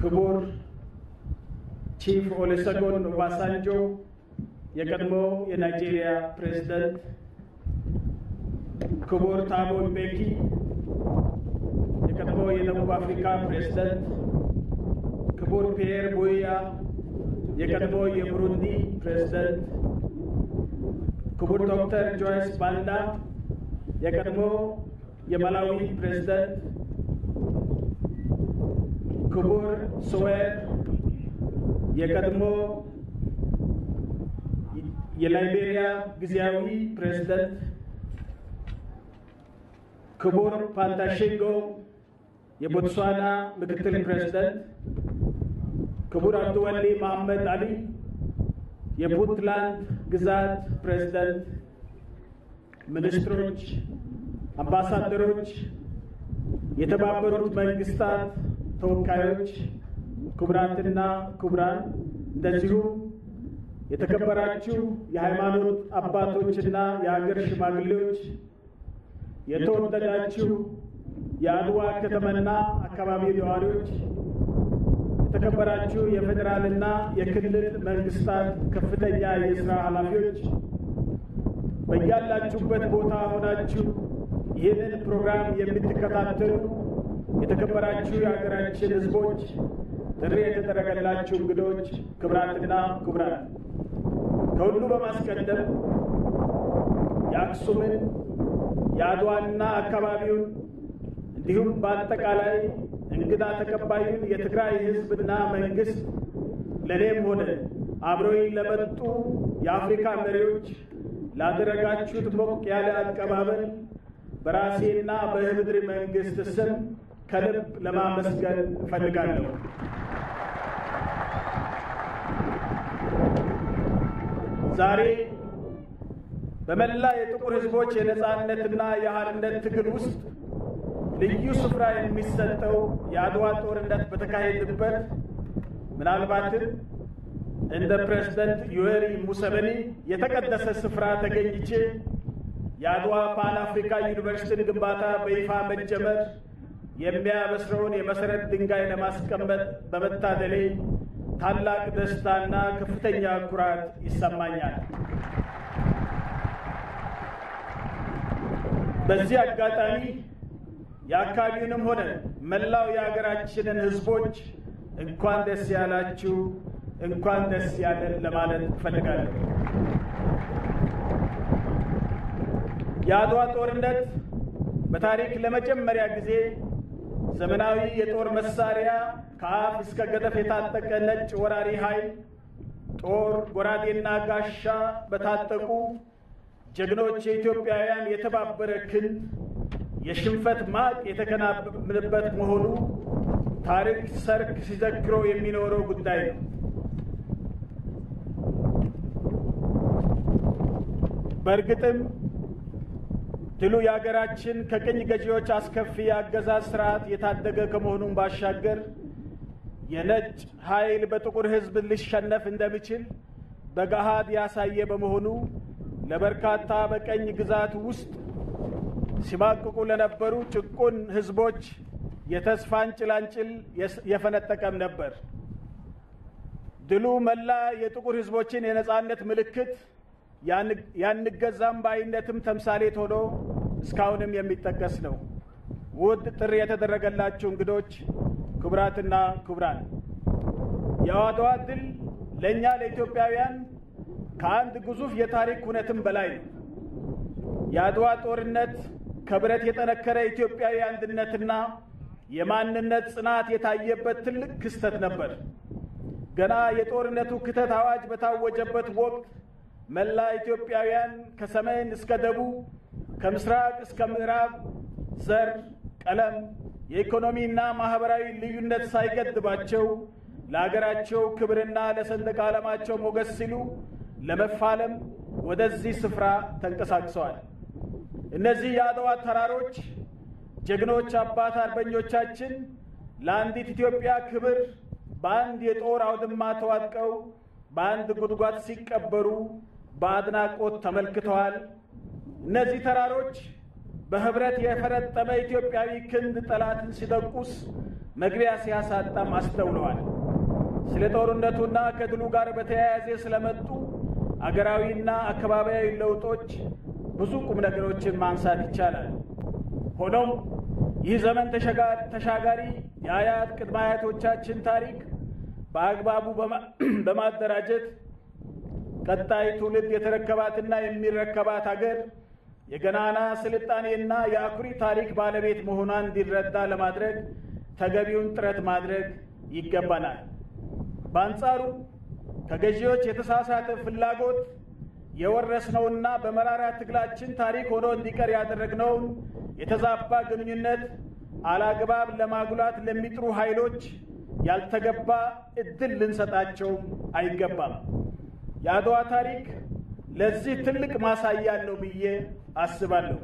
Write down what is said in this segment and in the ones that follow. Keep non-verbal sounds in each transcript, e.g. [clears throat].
ክቡር ቺፍ ኦሉሰጎን ኦባሳንጆ የቀድሞ የናይጄሪያ ፕሬዝደንት፣ ክቡር ታቦ ምቤኪ የቀድሞ የደቡብ አፍሪካ ፕሬዝደንት፣ ክቡር ፒየር ቡያ የቀድሞ የቡሩንዲ ፕሬዝደንት፣ ክቡር ዶክተር ጆይስ ባንዳ የቀድሞ የማላዊ ፕሬዚደንት። ክቡር ስዌር የቀድሞ የላይቤሪያ ጊዜያዊ ፕሬዝደንት ክቡር ፓንታሼንጎ የቦትስዋና ምክትል ፕሬዝደንት፣ ክቡር አብዱወሊ መሐመድ አሊ የፑንትላንድ ግዛት ፕሬዝደንት፣ ሚኒስትሮች፣ አምባሳደሮች፣ የተባበሩት መንግስታት ተወካዮች፣ ክቡራትና ክቡራን እንደዚሁ የተከበራችሁ የሃይማኖት አባቶችና የሀገር ሽማግሌዎች፣ የተወደዳችሁ የአድዋ ከተማና አካባቢ ነዋሪዎች፣ የተከበራችሁ የፌዴራልና የክልል መንግስታት ከፍተኛ የስራ ኃላፊዎች፣ በያላችሁበት ቦታ ሆናችሁ ይህንን ፕሮግራም የምትከታተሉ የተከበራችሁ የሀገራችን ህዝቦች ጥሪ የተደረገላችሁ እንግዶች፣ ክብራትና ክቡራን፣ ከሁሉ በማስቀደም የአክሱምን የአድዋና አካባቢውን እንዲሁም በአጠቃላይ እንግዳ ተቀባዩን የትግራይ ህዝብና መንግስት ለእኔም ሆነ አብረውኝ ለመጡ የአፍሪካ መሪዎች ላደረጋችሁት ሞቅ ያለ አቀባበል በራሴና በህምድሪ መንግስት ስም ከልብ ለማመስገን እፈልጋለሁ። ዛሬ በመላ የጥቁር ሕዝቦች የነፃነትና የአርነት ትግል ውስጥ ልዩ ስፍራ የሚሰጠው የአድዋ ጦርነት በተካሄደበት ምናልባትም እንደ ፕሬዝደንት ዩዌሪ ሙሰበኒ የተቀደሰ ስፍራ ተገኝቼ የአድዋ ፓን አፍሪካ ዩኒቨርሲቲን ግንባታ በይፋ መጀመር የሚያበስረውን የመሰረት ድንጋይ ለማስቀመጥ በመታደሌ ታላቅ ደስታና ከፍተኛ ኩራት ይሰማኛል። በዚህ አጋጣሚ የአካባቢውንም ሆነ መላው የሀገራችንን ሕዝቦች እንኳን ደስ ያላችሁ፣ እንኳን ደስ ያለን ለማለት እፈልጋለሁ። የአድዋ ጦርነት በታሪክ ለመጀመሪያ ጊዜ ዘመናዊ የጦር መሳሪያ ከአፍ እስከ ገጠፍ የታጠቀ ነጭ ወራሪ ኃይል ጦር፣ ጎራዴና ጋሻ በታጠቁ ጀግኖች የኢትዮጵያውያን የተባበረ ክንድ የሽንፈት ማቅ የተከናምንበት መሆኑ ታሪክ ሰርክ ሲዘክሮ የሚኖረው ጉዳይ ነው። በእርግጥም ድሉ የሀገራችን ከቅኝ ገዢዎች አስከፊ የአገዛዝ ስርዓት የታደገ ከመሆኑም ባሻገር የነጭ ኃይል በጥቁር ሕዝብ ሊሸነፍ እንደሚችል በገሃድ ያሳየ በመሆኑ ለበርካታ በቀኝ ግዛት ውስጥ ሲማቅቁ ለነበሩ ጭቁን ሕዝቦች የተስፋን ጭላንጭል የፈነጠቀም ነበር። ድሉ መላ የጥቁር ሕዝቦችን የነጻነት ምልክት ያንገዛም ባይነትም ተምሳሌት ሆኖ እስካሁንም የሚጠቀስ ነው። ውድ ጥሪ የተደረገላችሁ እንግዶች፣ ክቡራትና ክቡራን፣ የአድዋ ድል ለእኛ ለኢትዮጵያውያን ከአንድ ግዙፍ የታሪክ እውነትም በላይ ነው። የአድዋ ጦርነት ከብረት የጠነከረ ኢትዮጵያዊ አንድነትና የማንነት ጽናት የታየበት ትልቅ ክስተት ነበር። ገና የጦርነቱ ክተት አዋጅ በታወጀበት ወቅት መላ ኢትዮጵያውያን ከሰሜን እስከ ደቡብ ከምስራቅ እስከ ምዕራብ ዘር፣ ቀለም፣ የኢኮኖሚና ማህበራዊ ልዩነት ሳይገድባቸው ለአገራቸው ክብርና ለሰንደቅ ዓላማቸው ሞገስ ሲሉ ለመፋለም ወደዚህ ስፍራ ተንቀሳቅሰዋል። እነዚህ የአድዋ ተራሮች ጀግኖች አባት አርበኞቻችን ለአንዲት ኢትዮጵያ ክብር በአንድ የጦር አውድማ ተዋድቀው በአንድ ጉድጓድ ሲቀበሩ በአድናቆት ተመልክተዋል። እነዚህ ተራሮች በህብረት የፈረጠመ ኢትዮጵያዊ ክንድ ጠላትን ሲደቁስ መግቢያ ሲያሳጣም አስተውለዋል። ስለ ጦርነቱና ከድሉ ጋር በተያያዘ ስለመጡ አገራዊና አካባቢያዊ ለውጦች ብዙ ቁም ነገሮችን ማንሳት ይቻላል። ሆኖም ይህ ዘመን ተሻጋሪ የአያት ቅድመ አያቶቻችን ታሪክ በአግባቡ [clears throat] በማደራጀት ቀጣይ ትውልድ የተረከባትና የሚረከባት አገር የገናና ስልጣኔና የአኩሪ ታሪክ ባለቤት መሆኗን እንዲረዳ ለማድረግ ተገቢውን ጥረት ማድረግ ይገባናል። በአንጻሩ ከገዢዎች የተሳሳተ ፍላጎት የወረስነውና በመራራ ትግላችን ታሪክ ሆኖ እንዲቀር ያደረግነውን የተዛባ ግንኙነት አላግባብ ለማጉላት ለሚጥሩ ኃይሎች ያልተገባ እድል ልንሰጣቸው አይገባም። የአድዋ ታሪክ ለዚህ ትልቅ ማሳያ ነው ብዬ አስባለሁ።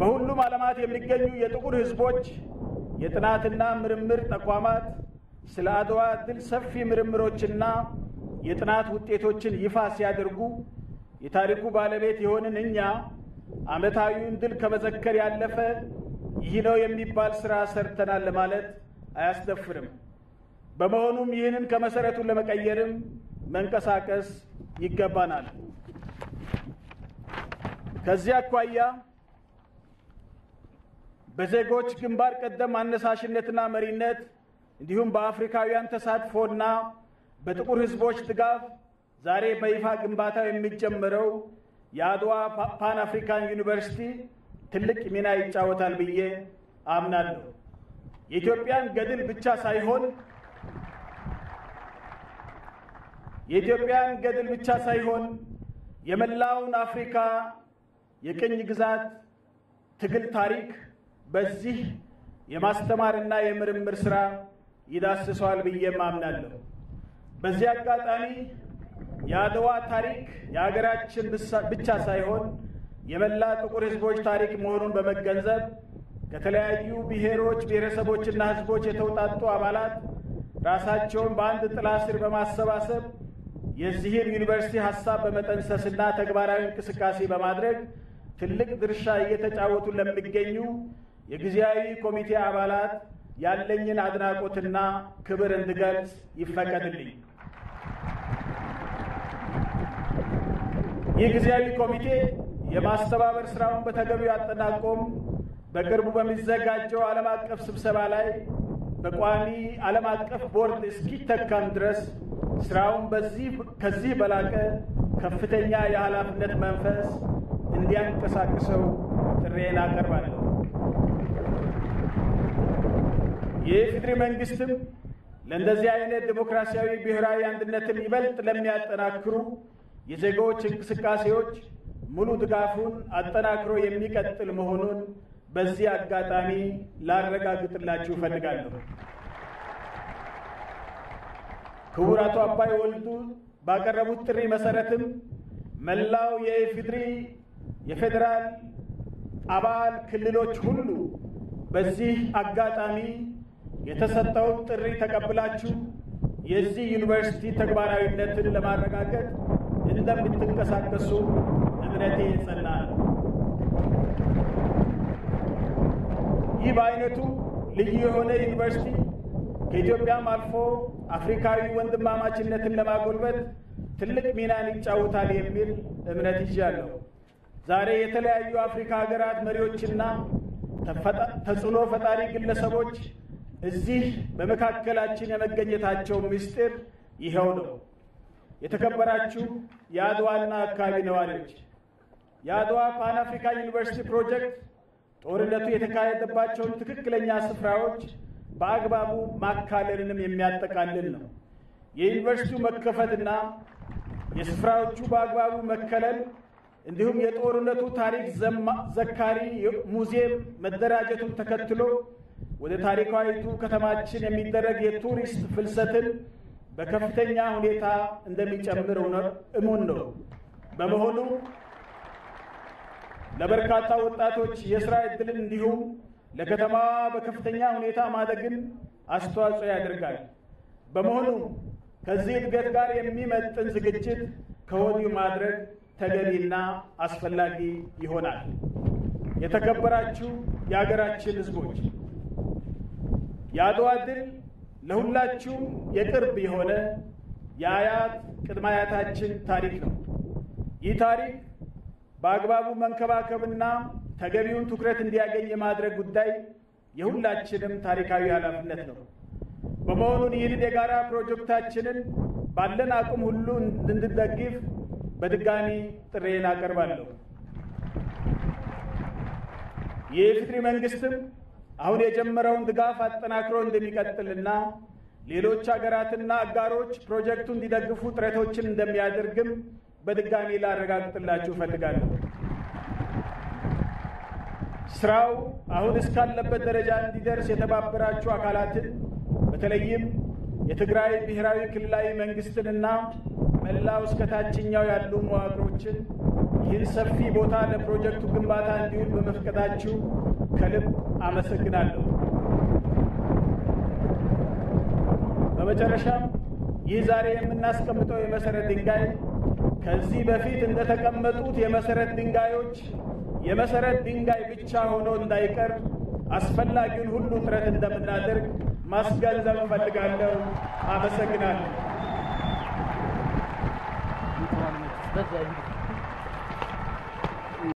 በሁሉም ዓለማት የሚገኙ የጥቁር ሕዝቦች የጥናትና ምርምር ተቋማት ስለ አድዋ ድል ሰፊ ምርምሮችና የጥናት ውጤቶችን ይፋ ሲያደርጉ የታሪኩ ባለቤት የሆንን እኛ ዓመታዊውን ድል ከመዘከር ያለፈ ይህ ነው የሚባል ስራ ሰርተናል ለማለት አያስደፍርም። በመሆኑም ይህንን ከመሰረቱን ለመቀየርም መንቀሳቀስ ይገባናል። ከዚህ አኳያ በዜጎች ግንባር ቀደም አነሳሽነትና መሪነት እንዲሁም በአፍሪካውያን ተሳትፎና በጥቁር ሕዝቦች ድጋፍ ዛሬ በይፋ ግንባታው የሚጀመረው የአድዋ ፓን አፍሪካን ዩኒቨርሲቲ ትልቅ ሚና ይጫወታል ብዬ አምናለሁ። የኢትዮጵያን ገድል ብቻ ሳይሆን የኢትዮጵያን ገድል ብቻ ሳይሆን የመላውን አፍሪካ የቅኝ ግዛት ትግል ታሪክ በዚህ የማስተማርና የምርምር ስራ ይዳስሰዋል ብዬ ማምናለሁ። በዚህ አጋጣሚ የአድዋ ታሪክ የሀገራችን ብቻ ሳይሆን የመላ ጥቁር ሕዝቦች ታሪክ መሆኑን በመገንዘብ ከተለያዩ ብሔሮች፣ ብሔረሰቦችና ሕዝቦች የተውጣጡ አባላት ራሳቸውን በአንድ ጥላ ስር በማሰባሰብ የዚህን ዩኒቨርሲቲ ሀሳብ በመጠንሰስና ተግባራዊ እንቅስቃሴ በማድረግ ትልቅ ድርሻ እየተጫወቱ ለሚገኙ የጊዜያዊ ኮሚቴ አባላት ያለኝን አድናቆትና ክብር እንድገልጽ ይፈቀድልኝ። ይህ ጊዜያዊ ኮሚቴ የማስተባበር ስራውን በተገቢው አጠናቆም በቅርቡ በሚዘጋጀው ዓለም አቀፍ ስብሰባ ላይ በቋሚ ዓለም አቀፍ ቦርድ እስኪተካም ድረስ ስራውን በዚህ ከዚህ በላቀ ከፍተኛ የኃላፊነት መንፈስ እንዲያንቀሳቅሰው ጥሬን አቀርባለሁ። የኢፌዴሪ መንግስትም ለእንደዚህ አይነት ዲሞክራሲያዊ ብሔራዊ አንድነትን ይበልጥ ለሚያጠናክሩ የዜጋዎች እንቅስቃሴዎች ሙሉ ድጋፉን አጠናክሮ የሚቀጥል መሆኑን በዚህ አጋጣሚ ላረጋግጥላችሁ እፈልጋለሁ። ክቡር አቶ አባይ ወልዱ ባቀረቡት ጥሪ መሰረትም መላው የኢፌዴሪ የፌዴራል አባል ክልሎች ሁሉ በዚህ አጋጣሚ የተሰጠውን ጥሪ ተቀብላችሁ የዚህ ዩኒቨርሲቲ ተግባራዊነትን ለማረጋገጥ እንደምትንቀሳቀሱ እምነቴ የጸና ነው። ይህ በአይነቱ ልዩ የሆነ ዩኒቨርሲቲ ከኢትዮጵያም አልፎ አፍሪካዊ ወንድማማችነትን ለማጎልበት ትልቅ ሚናን ይጫወታል የሚል እምነት ይዣለሁ። ዛሬ የተለያዩ አፍሪካ ሀገራት መሪዎችና ተጽዕኖ ፈጣሪ ግለሰቦች እዚህ በመካከላችን የመገኘታቸው ምስጢር ይኸው ነው። የተከበራችሁ የአድዋና አካባቢ ነዋሪዎች፣ የአድዋ ፓን አፍሪካ ዩኒቨርሲቲ ፕሮጀክት ጦርነቱ የተካሄደባቸውን ትክክለኛ ስፍራዎች በአግባቡ ማካለልንም የሚያጠቃልል ነው። የዩኒቨርሲቲው መከፈትና የስፍራዎቹ በአግባቡ መከለል እንዲሁም የጦርነቱ ታሪክ ዘካሪ ሙዚየም መደራጀቱን ተከትሎ ወደ ታሪካዊቱ ከተማችን የሚደረግ የቱሪስት ፍልሰትን በከፍተኛ ሁኔታ እንደሚጨምር እሙን ነው። በመሆኑ ለበርካታ ወጣቶች የስራ እድልን እንዲሁም ለከተማዋ በከፍተኛ ሁኔታ ማደግን አስተዋጽኦ ያደርጋል። በመሆኑ ከዚህ እድገት ጋር የሚመጥን ዝግጅት ከወዲሁ ማድረግ ተገቢና አስፈላጊ ይሆናል። የተከበራችሁ የሀገራችን ሕዝቦች የአድዋ ድል ለሁላችሁም የቅርብ የሆነ የአያት ቅድመ አያታችን ታሪክ ነው። ይህ ታሪክ በአግባቡ መንከባከብና ተገቢውን ትኩረት እንዲያገኝ የማድረግ ጉዳይ የሁላችንም ታሪካዊ ኃላፊነት ነው። በመሆኑን ይህንን የጋራ ፕሮጀክታችንን ባለን አቅም ሁሉ እንድንደግፍ በድጋሚ ጥሬን አቀርባለሁ። የኢፌዴሪ መንግስትም አሁን የጀመረውን ድጋፍ አጠናክሮ እንደሚቀጥልና ሌሎች ሀገራትና አጋሮች ፕሮጀክቱ እንዲደግፉ ጥረቶችን እንደሚያደርግም በድጋሚ ላረጋግጥላችሁ እፈልጋለሁ። ስራው አሁን እስካለበት ደረጃ እንዲደርስ የተባበራችሁ አካላትን በተለይም የትግራይ ብሔራዊ ክልላዊ መንግስትንና መላው እስከ ታችኛው ያሉ መዋቅሮችን ይህን ሰፊ ቦታ ለፕሮጀክቱ ግንባታ እንዲውል በመፍቀዳችሁ ከልብ አመሰግናለሁ። በመጨረሻም ይህ ዛሬ የምናስቀምጠው የመሰረት ድንጋይ ከዚህ በፊት እንደተቀመጡት የመሰረት ድንጋዮች የመሰረት ድንጋይ ብቻ ሆኖ እንዳይቀር አስፈላጊውን ሁሉ ጥረት እንደምናደርግ ማስገንዘብ እፈልጋለሁ። አመሰግናለሁ።